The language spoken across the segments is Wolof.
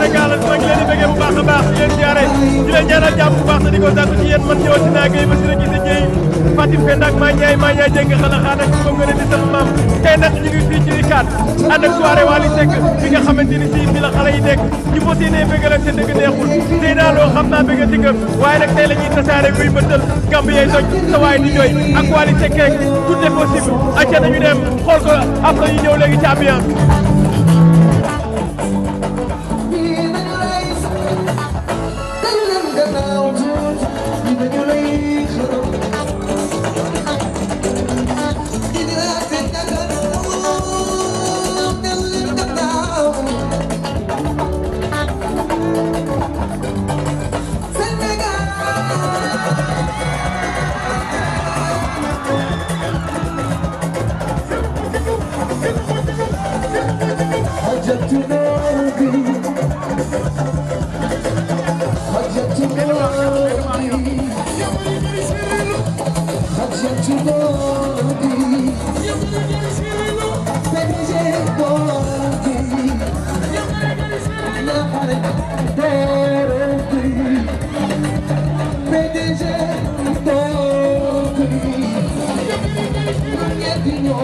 Sénégal nag leen di bëggee bu baax a baax di leen jaare di leen ñaanal jàmm bu baax te di ko sant ci yéen man ñëwaat dinaa gay ba si rek gise jëy Fatim Penda ak ñaay maa ñaay jéng xala xaana ci ko ngëne di tey nag ñu ngi fii ci ak soirée Wally Seck bi nga xamante ni si fi la xale yi nekk ñu fas yéenee bëggal dëgg neexul tey naa loo xam naa bëgg dëgg waaye nag tey la tasaare buy bëttal gamb yay toj sa waay di jooy ak Wally Seck tout est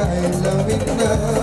I love it now.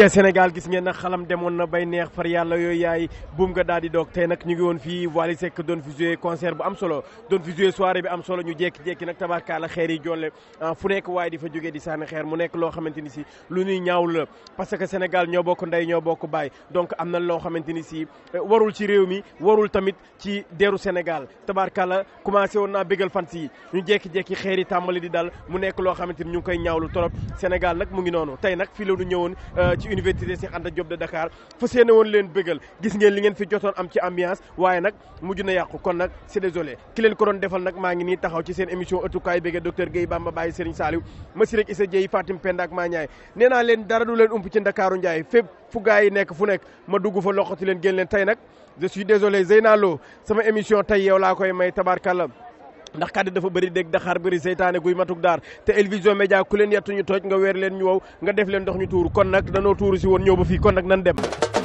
ca Sénégal gis ngeen nag xalam demoon na bay neex far yàlla yooyu yaay buum nga daal doog tey nag ñu ngi woon fii Wally Seck doon fi joué concert bu am solo doon fi joué soirée bi am solo ñu jékki-jékki nag tabarkaala xeer yi jolle ah, fu nekk waaye di fa jógee di sànni xeer mu nekk loo xamante ni si lu ñuy ñaaw la parce que Sénégal ñoo bokk ndey ñoo bokk baay donc am na loo xamante ni si eh, warul ci réew mi warul tamit ci deeru Sénégal tabarkaala commencé woon naa bégal fan si ñu jékki-jékki xeer tàmbali di dal mu nekk loo xamante ni ñu ngi koy ñaawlu torop Sénégal nag mu ngi université Cheikh Anta Diop de Dakar fas yéene woon leen bëggal gis ngeen li ngeen fi jotoon am ci ambiance waaye nag mujj na yàqu kon nag c'est désolé ki leen defal nag maa ngi nii taxaw ci seen émission ëttukaay bëgge docteur Guèye Bamba Baye Serigne Saliou Massiré Issa Dieye Fatim Penda ak maa ñaay nee leen dara du leen ump ci Ndakaaru Ndiaye fépp fu gars yi nekk fu nekk ma dugg fa loxoti leen génn leen tey nag je suis désolé Zeyna Lo sama ndax kàddu dafa bëri dégg daxaar bëri seytaane guy matuk daar te El Vision Médias ku leen yettu tooj nga weer leen ñu wow nga def leen ndox ñu tuur kon nag danoo tuuru si woon ñëw ba fii kon nag nan dem